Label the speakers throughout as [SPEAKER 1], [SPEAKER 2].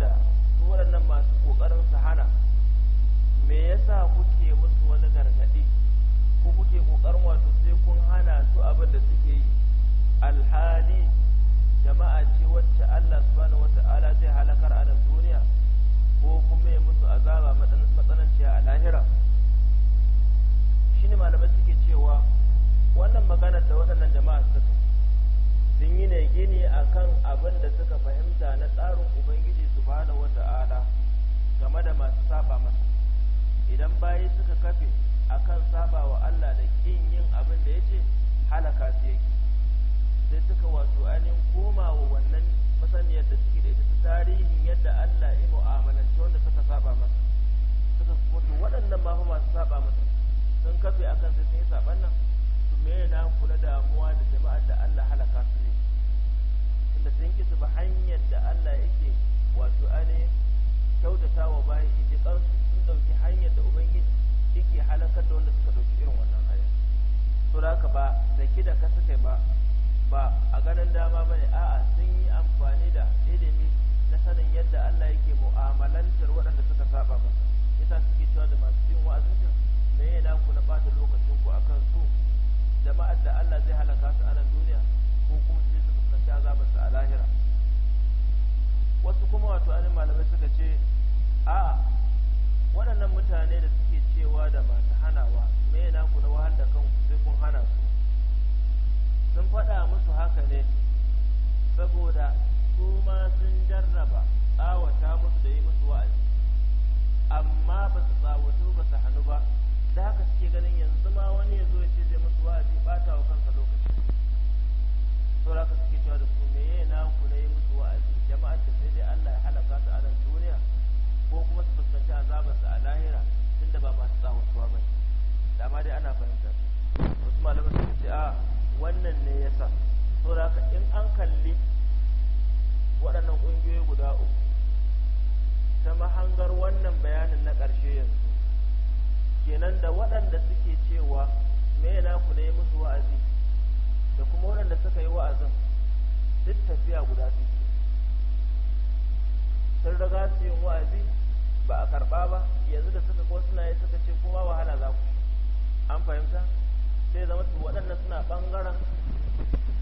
[SPEAKER 1] ada da ka suka ba ba a ganin dama bane a'a an kalli waɗannan ƙungiyoyi guda uku ta mahangar wannan bayanin na ƙarshe yanzu kenan da waɗanda suke cewa me na ku ne musu wa'azi da kuma waɗanda suka yi wa'azin duk tafiya guda suke sun riga su yin wa'azi ba a karɓa ba yanzu da suka ko suna yi suka ce kuma wahala za ku an fahimta sai zama su waɗannan suna ɓangaren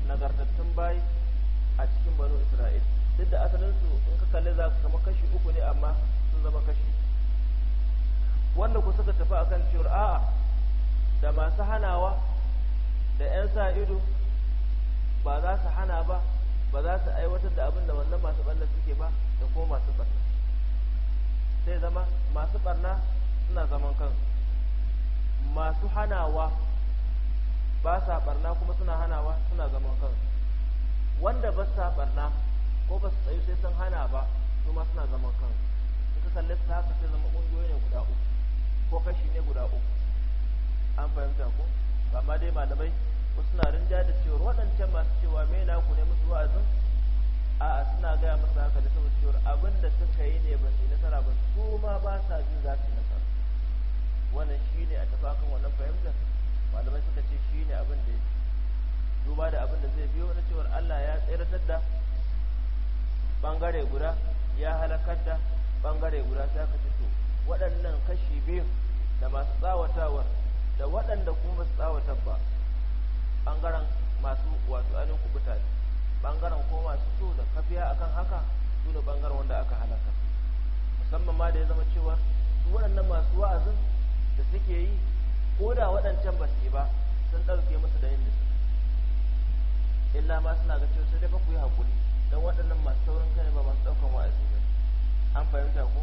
[SPEAKER 1] nagartattun bayi a cikin banu isra'il duk da asalinsu in ka kalli za ka kama kashi uku ne amma sun zama kashi wanda ku suka tafi akan cewar a'a da masu hanawa da 'yan sa ido ba za su hana ba ba za su aiwatar da abin da wannan masu barna suke ba da ko masu ɓarna sai zama masu ɓarna suna zaman kansu masu hanawa ba sa barna kuma suna hanawa suna zaman kansu wanda ba sa barna ko ba su tsayi sai sun hana ba su ma suna zaman kansu in ka kalle su haka sai zama ƙungiyoyi ne guda uku ko kashi ne guda uku an fahimta ko amma dai malamai ko suna rinja da cewar waɗancan masu cewa me na ku ne musu wa'azin a'a suna gaya musu haka da saboda cewar abin da suka yi ne ba su yi nasara ba su ma ba sa jin za su yi nasara wannan ne a tafakan wannan fahimtar malamai suka ce shi ne abin da duba da abin da zai biyo na cewar Allah ya tsirar da bangare guda ya halakar da bangare guda sai aka ce to waɗannan kashi biyu da masu tsawatawar da waɗanda kuma su tsawatar ba bangaren masu wasu ainihin kubuta ne bangaren ko masu so da kafiya akan haka su da bangaren wanda aka halaka musamman ma da ya zama cewa su waɗannan masu wa'azin da suke yi ko da waɗancan ba su ba sun ɗauke musu da yin da illa ma suna ga cewa sai dai ba ku yi haƙuri don waɗannan masu saurin kai ba masu ɗaukan wa'azi ba an fahimta ko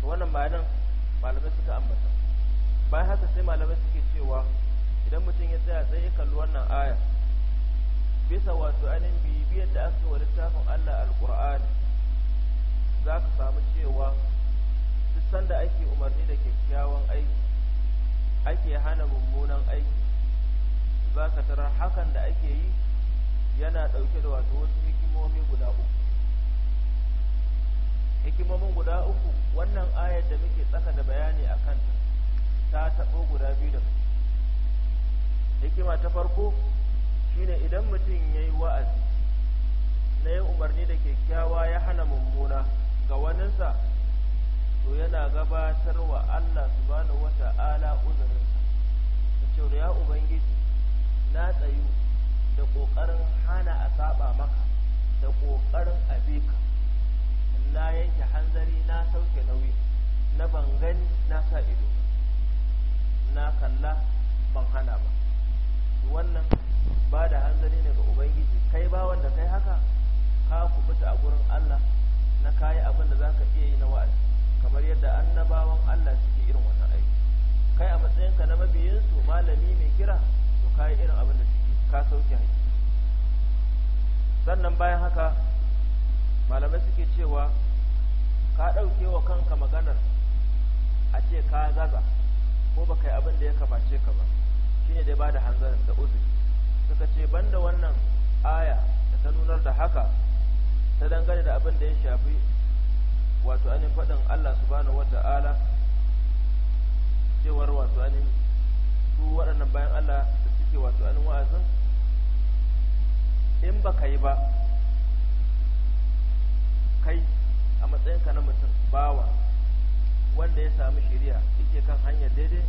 [SPEAKER 1] to wannan bayanan malamai suka ambata bayan haka sai malamai suke cewa idan mutum ya tsaya tsaye kalli wannan aya bisa wato ainihin bibiyar da aka wa littafin Allah alƙur'ani za ka samu cewa duk sanda ake umarni da kyakkyawan aiki ake hana mummunan aiki za ka tarar hakan da ake yi yana ɗauke da wato wasu hikimomi guda uku hikimomin guda uku wannan ayar da muke tsaka da bayani a kanta ta taɓo guda biyu da hikima ta farko shine idan mutum ya yi wa'azi na yin umarni da kyakkyawa ya hana mummuna ga waninsa to yana gabatar wa Allah subhanahu ta'ala uzurinsa ta ce ya ubangiji na tsayu da ƙoƙarin hana a saba maka da ƙoƙarin abe ka na yanke hanzari na sauke nauyi na ban gani na sa ido na kalla ban hana ba wannan ba da hanzari ne ga ubangiji kai ba wanda kai haka ka ku fita a gurin Allah na kayi abin da za iya yi na wa'azi kamar yadda annabawan Allah suke irin wannan aiki kai a matsayinka na mabiyinsu malami mai kira to ka yi irin abin da suke ka sauke haƙƙi sannan bayan haka malamai suke cewa ka ɗauke wa kanka maganar a ce ka gaza ko ba kai abin da ya kamace ka ba shine da ba da hanzarin da uzuri suka ce banda wannan aya da ta nunar da haka ta dangane da abin da ya shafi wato anin faɗin Allah subhanahu wata'ala cewar wato anin su waɗannan bayan Allah da suke wato anin wa'azin in ba ka yi ba kai a matsayinka na mutum bawa wanda ya sami shiriya yake kan hanyar daidai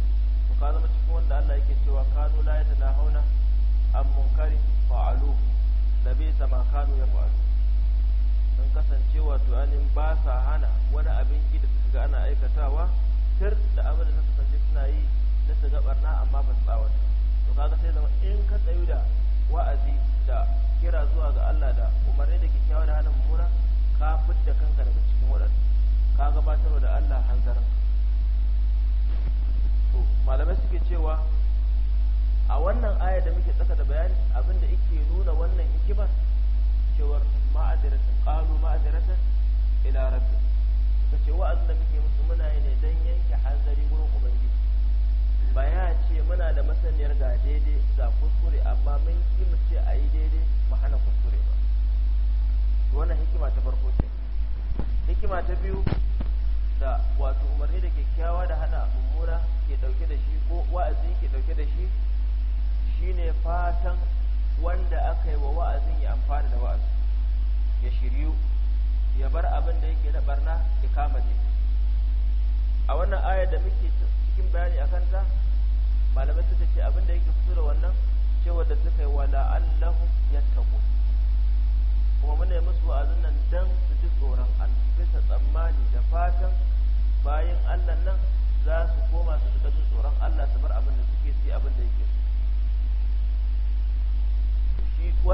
[SPEAKER 1] to ka zama cikin wanda Allah yake cewa kanu la hauna an munkari fa'alu da bai sama kanu ya fa'alu sun kasance wato ainihin ba sa hana wani abin ki da suka ga ana aikatawa tir da abin da suka kasance suna yi na su ga barna amma ba su tsawata to kaga sai zama in ka tsayu da wa'azi da kira zuwa ga Allah da umarni da kyakkyawar da hannun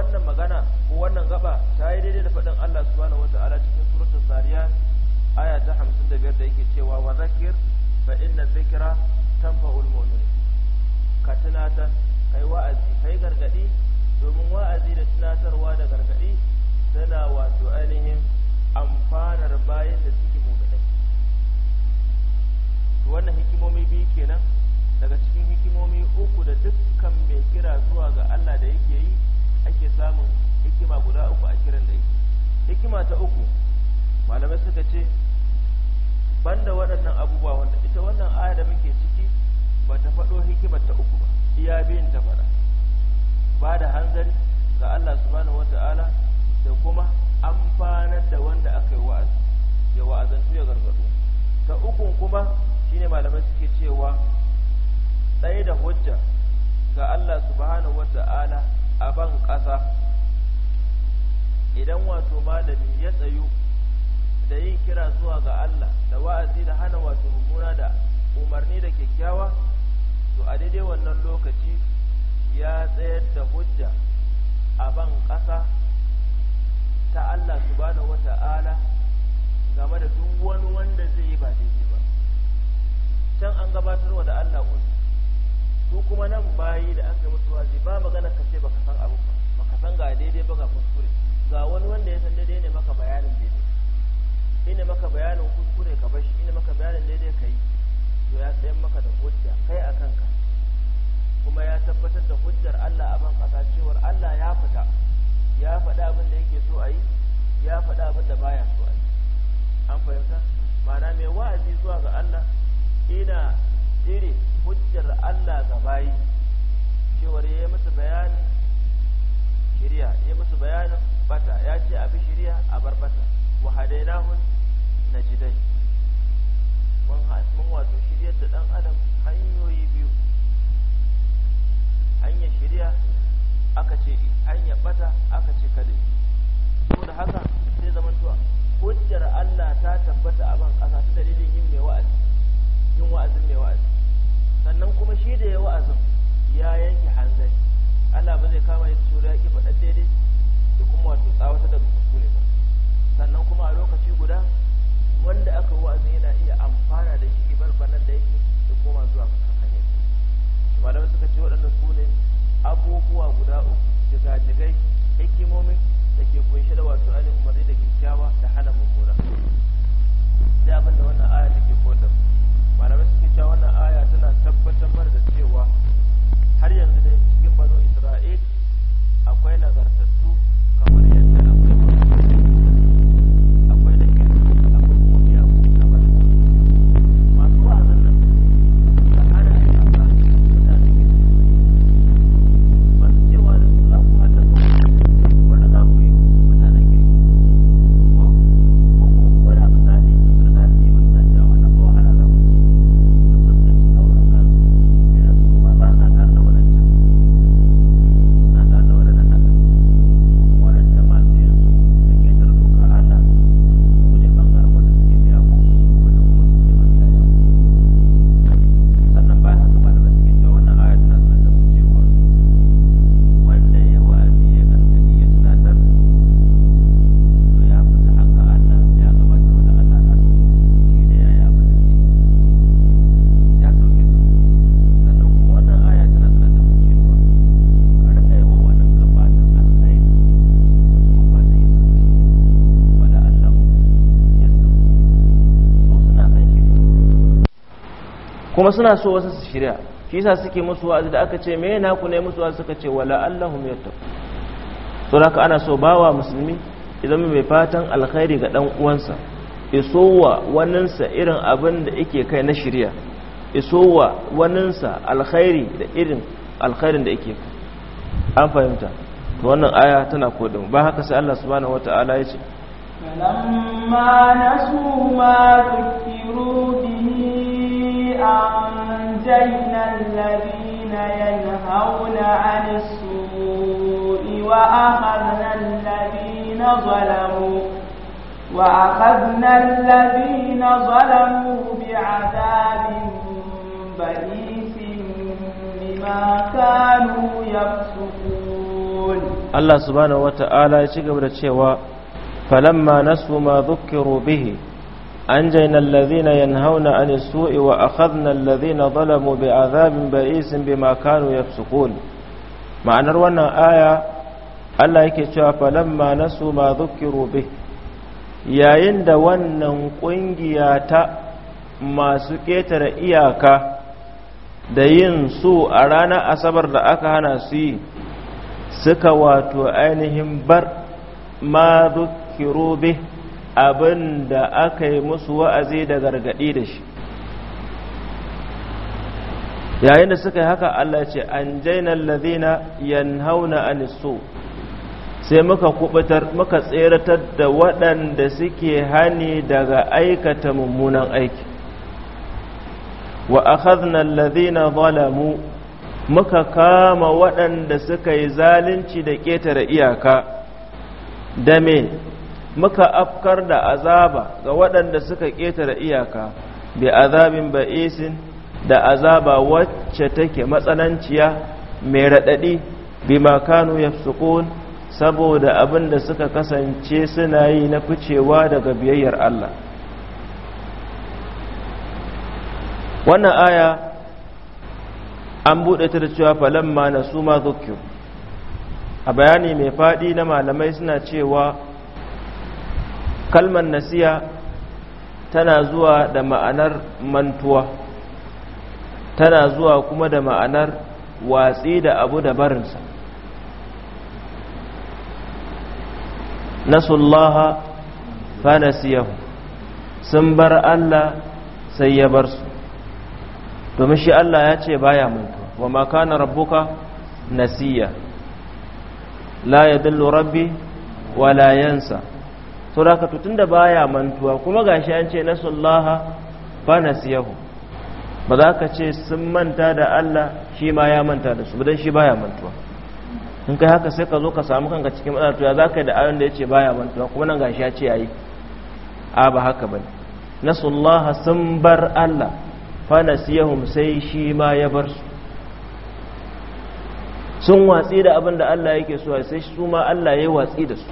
[SPEAKER 1] wannan magana ko wannan gaba ta yi daidai da faɗin Allah subhanahu ta'ala cikin suratul zariyat aya ta 55 da yake cewa wa zakir fa inna zikra tanfa'ul mu'min ka tunata kai wa'azi kai gargadi domin wa'azi da tunatarwa da gargadi tana wato ainihin amfanar bayan da suke mu'minai to wannan hikimomi biyu kenan daga cikin hikimomi uku da dukkan mai kira zuwa ga Allah da yake yi ake samun hikima guda uku a kiran da hikima ta uku malamai suka ce banda waɗannan abubuwa wanda ita wannan aya da muke ciki ba ta faɗo hikimar ta uku ba iya biyun ta faɗa ba da hanzari ga Allah subhanahu wa ta'ala da kuma amfanar da wanda aka yi wa'azi ya wa'azantu ya gargaɗo ta ukun kuma shine malamai suke cewa tsaye da hujja ga Allah subhanahu wa ta'ala. a ban ƙasa idan wato malami ya tsayu da yin kira zuwa ga Allah da wa'azi da hana wato mummuna da umarni da kyakkyawa to a daidai wannan lokaci ya tsayar da hujja a ban ƙasa ta Allah Su subhanahu wata'ala game da duk wani wanda zai yi ba daidai ba can an gabatarwa da Allah uzu su kuma nan bayi da aka mutuwa wazi ba magana ka ce baka san abu ba ka san ga daidai ba ga kuskure ga wani wanda ya san daidai ne maka bayanin daidai ina maka bayanin kuskure ka bashi ina maka bayanin daidai ka yi to ya tsayan maka da hujja kai a kanka kuma ya tabbatar da hujjar Allah a ban kasa cewar Allah ya fita ya faɗa abin da yake so a yi ya faɗa abin da baya so a yi an fahimta ma'ana mai wa'azi zuwa ga Allah ina cire hujjar Allah ga bayi cewar ya yi musu bayanin shiriya ya musu bayanin bata ya ce abi shiriya a bar bata wa hadainahun najidai mun wato shiryar da dan adam hanyoyi biyu hanya shiriya aka ce hanya bata aka ce kada saboda haka sai tuwa, hujjar Allah ta tabbata a ban kasa ta dalilin yin mai wa'azi yin wa'azin mai wa'azi sannan kuma shi da ya wa'azin ya yanke hanzari Allah ba zai kama yake tsoro ya faɗa daidai da kuma wato tsawata daga kuskure ba sannan kuma a lokaci guda wanda aka wa'azin yana iya amfana da shi banan da yake da koma zuwa hanyar malamai suka ce waɗanda su ne abubuwa guda uku jigajigai hikimomin da ke kunshe da wato ainihin umarni da kyakkyawa da hana mummuna da abinda wannan aya take kodar da mu malamai suke cewa wannan aya tana tabbatar da cewa har yanzu dai cikin bano isra'il akwai nagartattu kamar yadda kuma suna so wasu su shirya shi sa suke musu wa'azi da aka ce me naku ne musu wa'azi suka ce wala allahum yattaqu to haka ana so bawa musulmi idan mai fatan alkhairi ga ɗan uwansa isowa waninsa irin abin da yake kai na shirya isowa waninsa alkhairi da irin alkhairin da yake an fahimta to wannan aya tana koda ba haka sai Allah subhanahu wataala ya ce nasu ma أنجينا الذين ينهون عن السوء وأخذنا الذين ظلموا وأخذنا الذين ظلموا بعذاب بئيس بما كانوا يفسقون الله سبحانه وتعالى يشكر بالتشيوى فلما نسوا ما ذكروا به أنجينا الذين ينهون عن السوء وأخذنا الذين ظلموا بعذاب بئيس بما كانوا يفسقون ma'anar wannan aya Allah yake cewa falamma nasu ma dhukiru bih yayin da wannan kungiya ta masu ketare iyaka da yin su a ranar asabar da aka hana su yi suka wato ainihin bar ma dhukiru bih abin da aka yi musu wa'azi da gargaɗi da shi yayin da suka yi haka Allah ce an jainar lazina yanhauna aniso sai muka kubutar muka tseratar da waɗanda suke hani daga aikata mummunan aiki wa akhadna lazina zalamu muka kama waɗanda suka yi zalunci da ƙetare iyaka da me muka afkar da azaba ga waɗanda suka ƙetare iyaka bi azabin ba'isin da azaba wacce take matsananciya mai raɗaɗi bi makanu ya saboda abin da suka kasance suna yi na ficewa daga biyayyar Allah wannan aya an buɗe ta da cewa falamma na su ma a bayani mai faɗi na malamai suna cewa kalmar nasiya tana zuwa da ma'anar mantuwa tana zuwa kuma da ma'anar watsi da abu da barinsa nasullaha fa nasiyahu sun bar Allah sai ya bar su domin shi Allah ya ce baya mantuwa wa ma rabbuka nasiya la yadullu rabbi wa la yansa sauraka tutun tunda baya mantuwa kuma gashi an ce nasullaha fa nasiyahu ba za ka ce sun manta da Allah shi ma ya manta da su ba shi baya mantuwa in kai haka sai ka zo ka samu kanka cikin matsala to ya za ka yi da ayon da ya ce baya mantuwa kuma nan gashi ya ce yayi a ba haka bane nasullaha sun bar Allah fa nasiyahum sai shi ma ya bar su sun watsi da abin da Allah yake so sai su ma Allah ya yi watsi da su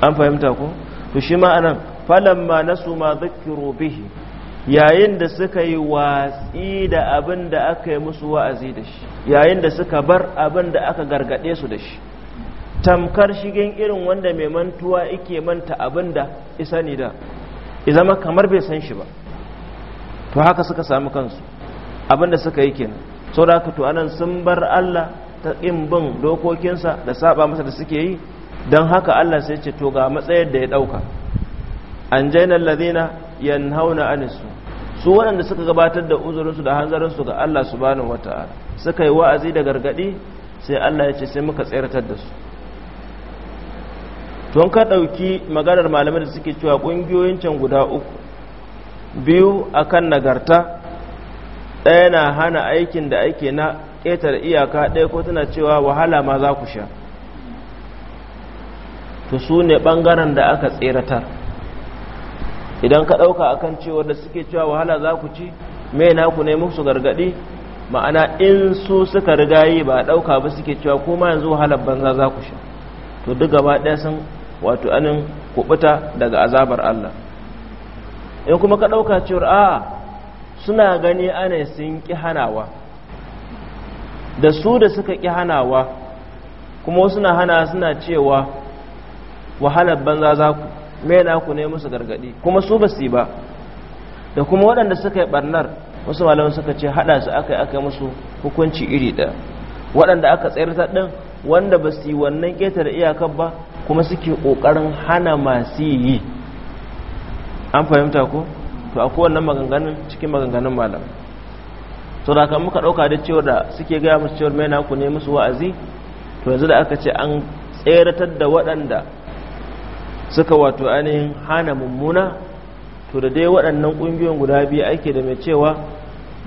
[SPEAKER 1] an fahimta ko to shi ma anan falamma nasu ma zakiru bihi yayin da suka yi watsi da abin da aka yi musu wa'azi da shi yayin da suka bar abin da aka gargade su da shi tamkar shigen irin wanda mai mantuwa yake manta abin isa ne da izama kamar bai san shi ba to haka suka samu kansu abin suka yi kenan saboda haka to anan sun bar Allah ta ƙin bin dokokinsa da saba masa da suke yi don haka Allah sai ce to ga matsayar da ya ɗauka an jainar hau yanhauna anisu su waɗanda suka gabatar da uzurinsu da hanzarinsu ga Allah su subhanahu wata'ala suka yi wa'azi da gargaɗi sai Allah ya ce sai muka tsayartar da su Tun ka ɗauki maganar malamai da suke cewa ƙungiyoyin can guda uku biyu a kan nagarta ɗaya na hana aikin da ake na ƙetar iyaka ɗaya ko tana cewa wahala ma za ku sha to su ne ɓangaren da aka tseratar idan ka ɗauka a kan cewa da suke cewa wahala za ku ci mai naku ne musu gargaɗi ma'ana in su suka riga yi ba ɗauka ba suke cewa ma yanzu wahalar banza za ku sha to duk gaba ɗaya sun wato anin kubuta daga azabar Allah in kuma ka ɗauka cewar a suna gani ana sun ƙi hanawa da su da suka ƙi hanawa kuma suna hana suna cewa wahalar banza za ku mai ku ne musu gargadi kuma su basu ba da kuma waɗanda suka yi barnar wasu malamin suka ce haɗa su aka yi aka musu hukunci iri ɗaya waɗanda aka tsayar ta ɗin wanda ba su yi wannan ƙetare iyakar ba kuma suke ƙoƙarin hana masu yi an fahimta ko to akwai wannan maganganun cikin maganganun malam to da kan muka ɗauka da cewa da suke gaya musu cewar mai ku ne musu wa'azi to yanzu da aka ce an tseratar da waɗanda suka wato ainihin hana mummuna to da dai waɗannan ƙungiyoyin guda biyu ake da mai cewa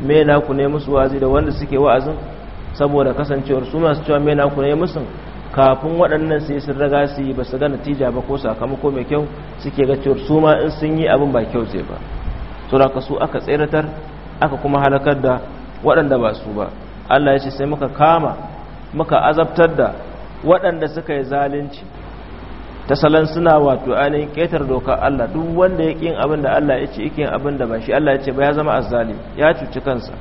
[SPEAKER 1] mena ku ne musu wazi da wanda suke wa'azin saboda kasancewar su masu cewa mena ku ne musu kafin waɗannan sai sun raga su yi ba su ga natija ba ko sakamako mai kyau suke ga cewar su ma in sun yi abin ba kyau zai ba to da su aka tseratar aka kuma halakar da waɗanda ba su ba Allah ya ce sai muka kama muka azabtar da waɗanda suka yi zalunci ta salon suna wato ainihin ƙetar dokar Allah duk wanda ya ƙin abin da Allah ya ce ikin abin da ba shi Allah ya ce ba ya zama azzali ya cuci kansa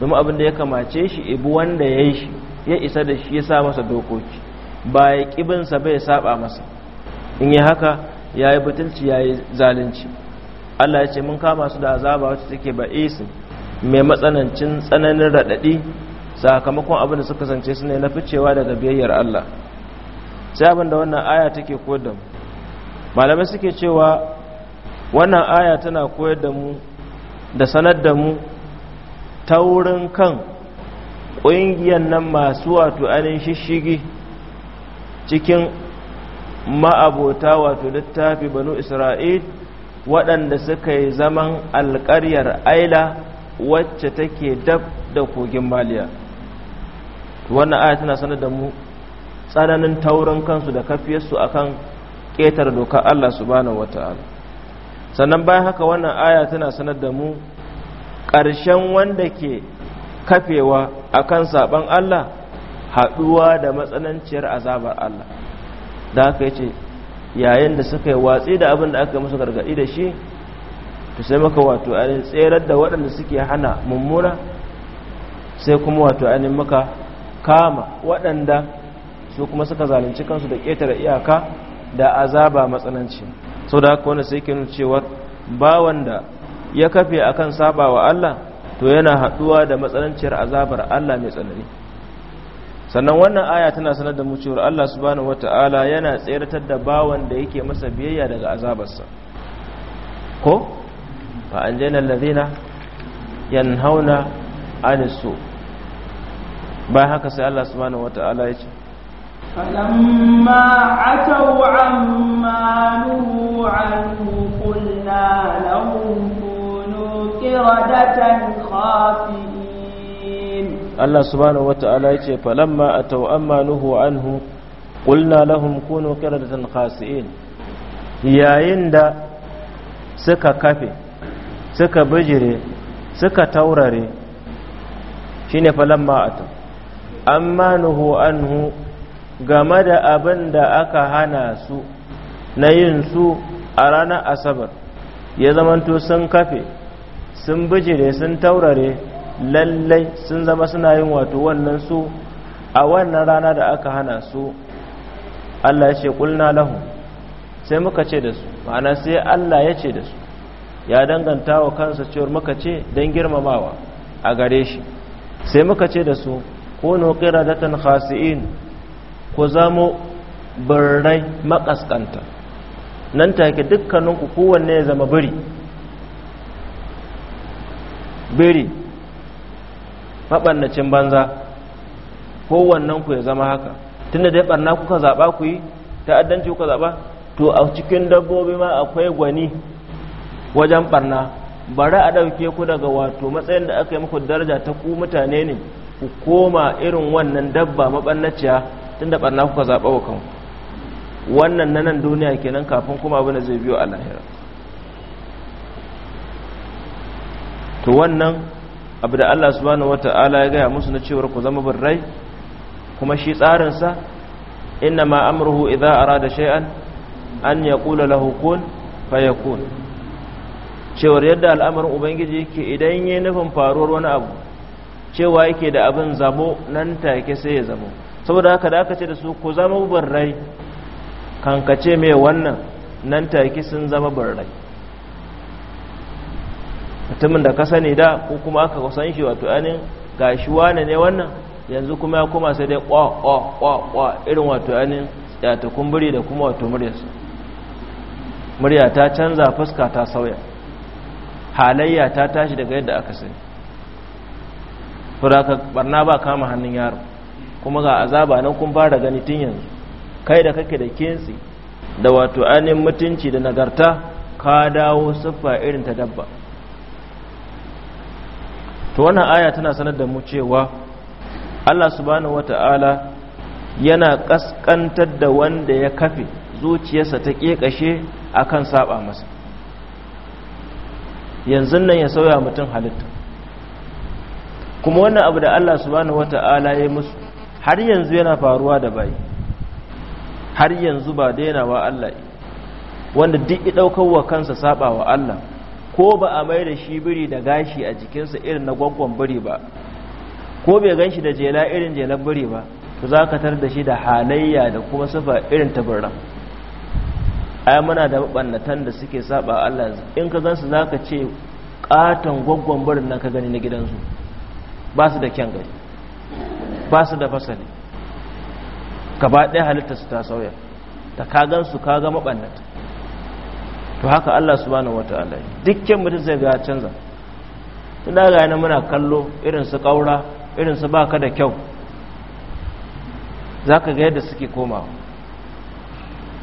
[SPEAKER 1] domin abin da ya kamace shi ibu wanda ya yi shi ya isa da shi ya sa masa dokoki ba ya ƙibinsa bai saba masa in yi haka ya yi butulci ya yi zalunci Allah ya ce mun kama su da azaba wacce take ba isin mai matsanancin tsananin raɗaɗi sakamakon abin da suka zance su ne na ficewa daga biyayyar Allah sai abin da wannan aya take koyar da mu malamai suke cewa wannan aya tana koyar da mu da sanar da mu ta wurin kan ƙungiyar nan masu wato ainihin shishigi cikin ma'abota wato littafi banu isra'il waɗanda suka yi zaman alƙaryar aila wacce take dab da kogin maliya wannan aya tana sanar da mu tsananin taurin kansu da kafiyarsu a kan ƙetar doka Allah subhanahu wata'ala sannan bayan haka wannan aya tana sanar da mu ƙarshen wanda ke kafewa akan saban Allah haɗuwa da matsananciyar azabar Allah da haka yace yayin da suka yi watsi da abin da aka musu gargaɗi da shi to sai maka wato ainihin tserar da waɗanda suke hana mummuna sai kuma wato ainihin maka kama waɗanda su kuma suka zalunci kansu da ƙetare iyaka da azaba matsananci sau da haka wanda sai ke nuna cewa bawan da ya kafe kan saba wa Allah to yana haɗuwa da matsananciyar azabar Allah mai tsanani sannan wannan aya tana sanar da mu cewa Allah subhanahu wata'ala yana tseratar da bawan da yake masa biyayya daga azabarsa ko fa anjayna alladhina yanhauna hauna anisu ba haka sai Allah subhanahu wata'ala ya ce فلما عتوا عما نهوا عنه قلنا لهم كونوا قردة خاسئين الله سبحانه وتعالى يقول فلما أتوا عما نهوا عنه قلنا لهم كونوا قردة خاسئين yayin da suka kafe suka bijire suka taurare shine falamma atu amma nuhu anhu game da abin da aka hana su na yin su a ranar asabar ya zamanto sun kafe sun bijire sun taurare lallai sun zama suna yin wato wannan su a wannan rana da aka hana su Allah ya ce kulna lahu sai muka ce da su ma'ana sai Allah ya ce da su ya danganta wa kansa cewar muka ce don girmamawa a gare shi sai muka ce da su ko nukira datan khasi'in ku zamo birnai makaskanta nan take dukkaninku kowanne ya zama biri biri maɓannacin banza ku ya zama haka tunda dai ɓarna kuka zaba ku yi addanci kuka zaba to a cikin dabbobi ma akwai gwani wajen ɓarna bari a ɗauke ku daga wato matsayin da aka yi muku daraja ta ku mutane ne ku koma irin wannan dabba mabannaciya. tunda barna kuka zaɓa wa kanku wannan na nan duniya kenan kafin kuma abin da zai biyo a lahira to wannan abu da Allah subhanahu ta'ala ya gaya musu na cewar ku zama birrai kuma shi tsarinsa inna ma amruhu idza arada shay'an an yaqula lahu kun fayakun cewar yadda al'amarin ubangiji yake idan yayin nufin faruwar wani abu cewa yake da abin zamo nan take sai ya zamo saboda haka da aka ce da su ku zama barrai kankace mai wannan nan take sun zama barrai mutumin da ka sani da ko kuma aka san shi wato anin gashi wane ne wannan yanzu kuma ya koma sai dai kwa kwa kwa kwa irin wato anin ta kumburi da kuma wato muryarsa murya ta canza fuska ta sauya halayya ta tashi daga yadda aka sani fura ka barna ba kama hannun yaro kuma ga azaba nan kun fara gani tun yanzu kai da kake da kintsi da wato ainihin mutunci da nagarta ka dawo siffa irin ta dabba to wannan aya tana sanar da mu cewa Allah subhanahu wata'ala yana kaskantar da wanda ya kafe zuciyarsa ta kekashe akan saba masa yanzu nan ya sauya mutum halitta kuma wannan abu da Allah subhanahu wata'ala ya musu har yanzu yana faruwa da bai, har yanzu ba wa Allah wanda duk ɗaukar wa kansa saba wa Allah ko ba a mai da shi biri da gashi a jikinsa irin na gwaggon biri ba ko bai ganshi da jela irin jelan biri ba to za ka tar da shi da halayya da kuma sufa irin ta birran ai muna da mabannatan da suke saba Allah in ka gansu za ka ce ƙaton gwaggon birin naka ka gani na gidansu ba su da kyan gari ba su da fasali gaba ɗaya halitta su ta sauya ta kagar su kaga maɓannata to haka Allah subhanahu wata'ala dukkan mutum zai ga canza tun daga yana muna kallo irin su ƙaura irin su baka da kyau za ka ga yadda suke komawa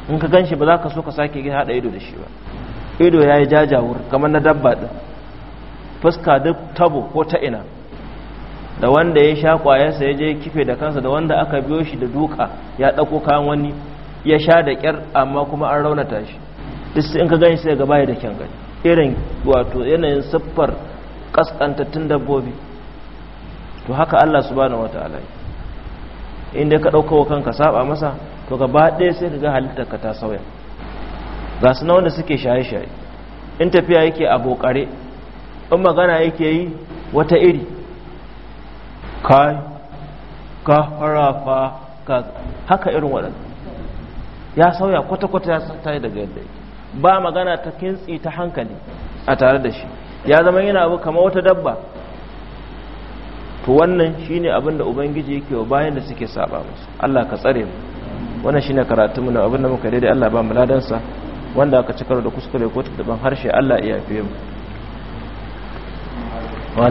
[SPEAKER 1] in ka gan shi ba za ka so ka sake haɗa ido da shi ba ido ya yi jajawur kamar na dabba ɗin fuska duk tabo ko ta ina da wanda ya sha kwayarsa ya je kife da kansa da wanda aka biyo shi da duka ya ɗauko kayan wani ya sha da ƙyar amma kuma an raunata shi duk in ka gani sai gaba ya da kyan gani irin wato yanayin siffar kaskantattun dabbobi to haka Allah subhanahu wataala inda ka ɗauka wa kanka saba masa to gaba ɗaya sai ka ga halittar ka ta sauya ga su na wanda suke shaye-shaye in tafiya yake a bokare in magana yake yi wata iri kai ka harafa ka haka irin waɗanda ya sauya kwata-kwata ya ta tayi daga yadda ba magana ta kintsi ta hankali a tare da shi ya zama yana abu kama wata dabba to wannan shi ne abinda ubangiji yake wa bayan da suke saba musu Allah ka tsare mu wannan ne karatu mu na abinda muka daidai Allah ba mu ladansa wanda aka cikar da kuskure ko da daban harshe Allah ya yafe mu wa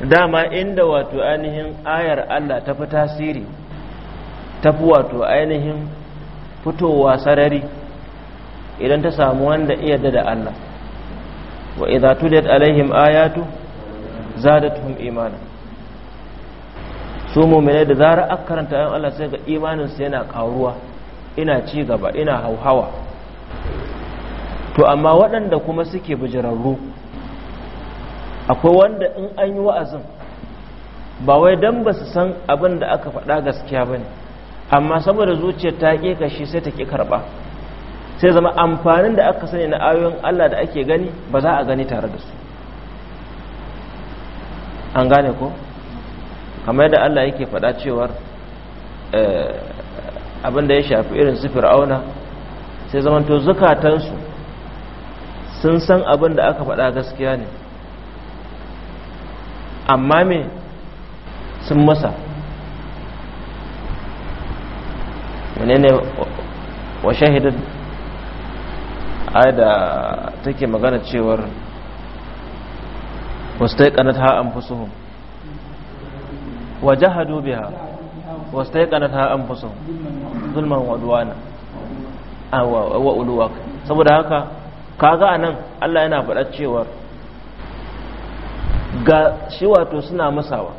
[SPEAKER 1] dama inda wato ainihin ayar Allah tafi tasiri tafi wato ainihin fitowa sarari idan ta samu wanda iya da Allah wa idza tuliyat alaihim ayatu zadatuhum imana su mu'mina da zara aka karanta Allah sai ga imanin su yana karuwa ina ci gaba ina hauhawa to amma waɗanda kuma suke bijirarru akwai wanda in an yi wa'azin ba wai don ba su san abin da aka faɗa gaskiya ba ne amma saboda zuciyar ta ƙi kashi sai ta ƙi karɓa sai zama amfanin da aka sani na ayoyin allah da ake gani ba za a gani tare da su an gane ko kamar yadda allah yake faɗa cewar eh, abin da ya shafi irin sufir auna, sai to zukatansu sun san abin da aka faɗa gaskiya ne amma me sun masa wane ne wa shahidar da take magana cewar wastai kanat ha an fusuhun wa ha wasu wastai kanat ha an fusuhun zulman waduwana a wa uluwa saboda haka kaga nan Allah yana faɗa cewar ga shi wato suna masawa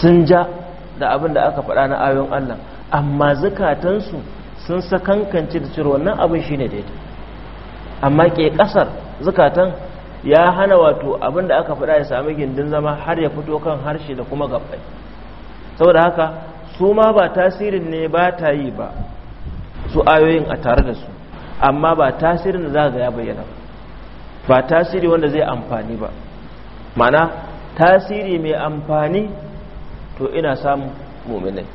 [SPEAKER 1] sun ja da abin da aka faɗa na ayon Allah amma zukatansu sun sakankance da cire wannan abin shi ne daidai amma ke ƙasar zukatan ya hana wato abin da aka faɗa ya sami gindin zama har ya fito kan harshe da kuma gabbai saboda haka su ma ba tasirin ne ba ta yi ba su ayoyin a tare da su amma ba tasirin da za ga ya bayyana ba ba tasiri wanda zai amfani ba mana tasiri mai amfani to ina samun muminai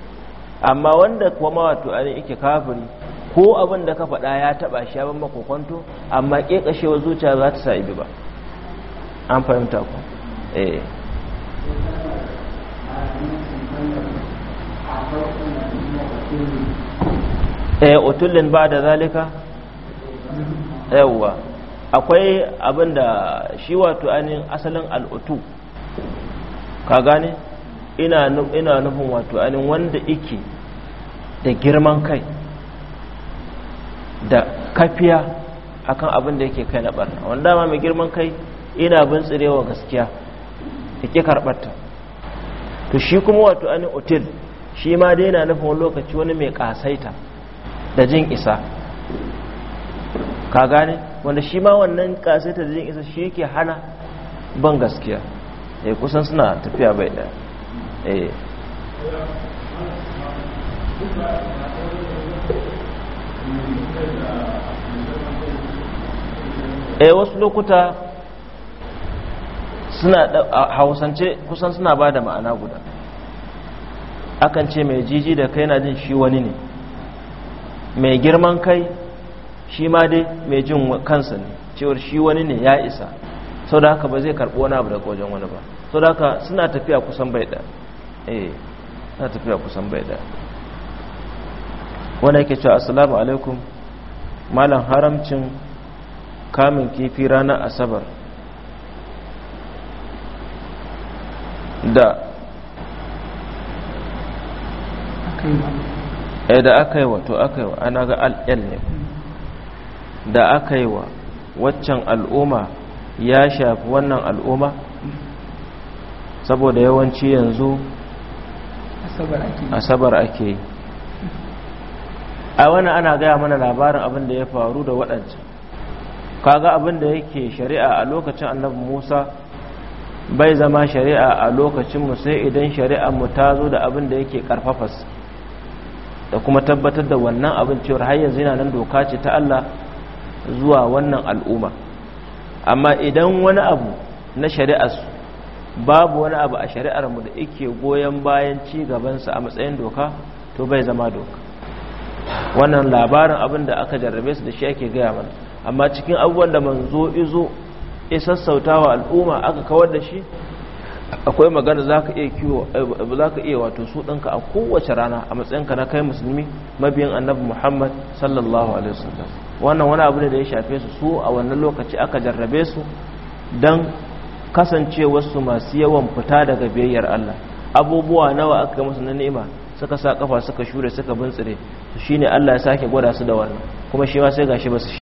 [SPEAKER 1] amma wanda kuma wato ainihin ike kafiri ko abin da ka faɗa ya taɓa shi abin makokwanto amma ƙeƙashewar zuciya za ta sa ibi ba an fahimta ku eh eh ba da zalika yawwa akwai abin da shi wato ainihin asalin al'utu ka gane ina nufin wato ainihin wanda ike da girman kai da kafiya akan abin da yake kai na barna wanda ma mai girman kai ina bin tsirewa gaskiya da ke karɓarta to shi kuma wato ainihin otel shi ma dai na nufin lokaci wani mai ƙasaita da jin isa ka gane wanda shi ma wannan kasaita da jin isa shi yake hana ban gaskiya ya eh, kusan suna tafiya bai da eh eh wasu lokuta suna hausance kusan suna ba da ma'ana guda akan ce mai jiji da kai na jin shi wani ne mai girman kai shi ma dai mai jin kansa ne cewar shi wani ne ya isa sau da haka ba zai karɓi wani abu daga wajen wani ba sau da haka suna tafiya kusan bai da eh suna tafiya kusan bai da wani yake cewa asalamu alaikum malam haramcin kamun kifi ranar asabar da eh, da aka yi wato aka yi wa ana ga al'el ne da aka yi wa waccan al'umma ya shafi wannan al'umma saboda yawanci yanzu asabar ake yi a wani ana gaya mana labarin abin da ya faru da waɗancan kaga abin da yake shari'a a lokacin annabi musa bai zama shari'a a lokacin sai idan shari'ar mu ta zo da abin da yake karfafas da kuma tabbatar da wannan abin cewar har yanzu yana nan doka ce ta Allah zuwa wannan al'umma amma idan wani abu na shari'ar babu wani abu a shari'ar mu da yake goyon bayan ci gabansa a matsayin doka to bai zama doka wannan labarin abin da aka jarrabe su da shi ake gaya mana amma cikin abubuwan da manzo izo ya sassauta al'umma aka kawar da shi akwai magana za ka iya kiwo eh, za ka iya wato su ɗinka a kowace rana a matsayinka na kai musulmi mabiyin annabi muhammad sallallahu alaihi wasallam wannan wani abu ne da ya shafe su su a wannan lokaci aka jarrabe su don kasancewarsu masu yawan fita daga biyayyar Allah abubuwa nawa aka musu na ni'ima suka sa kafa suka shure suka bintsire shi ne Allah ya sake gwada su da wannan kuma shi ma sai gashi ba su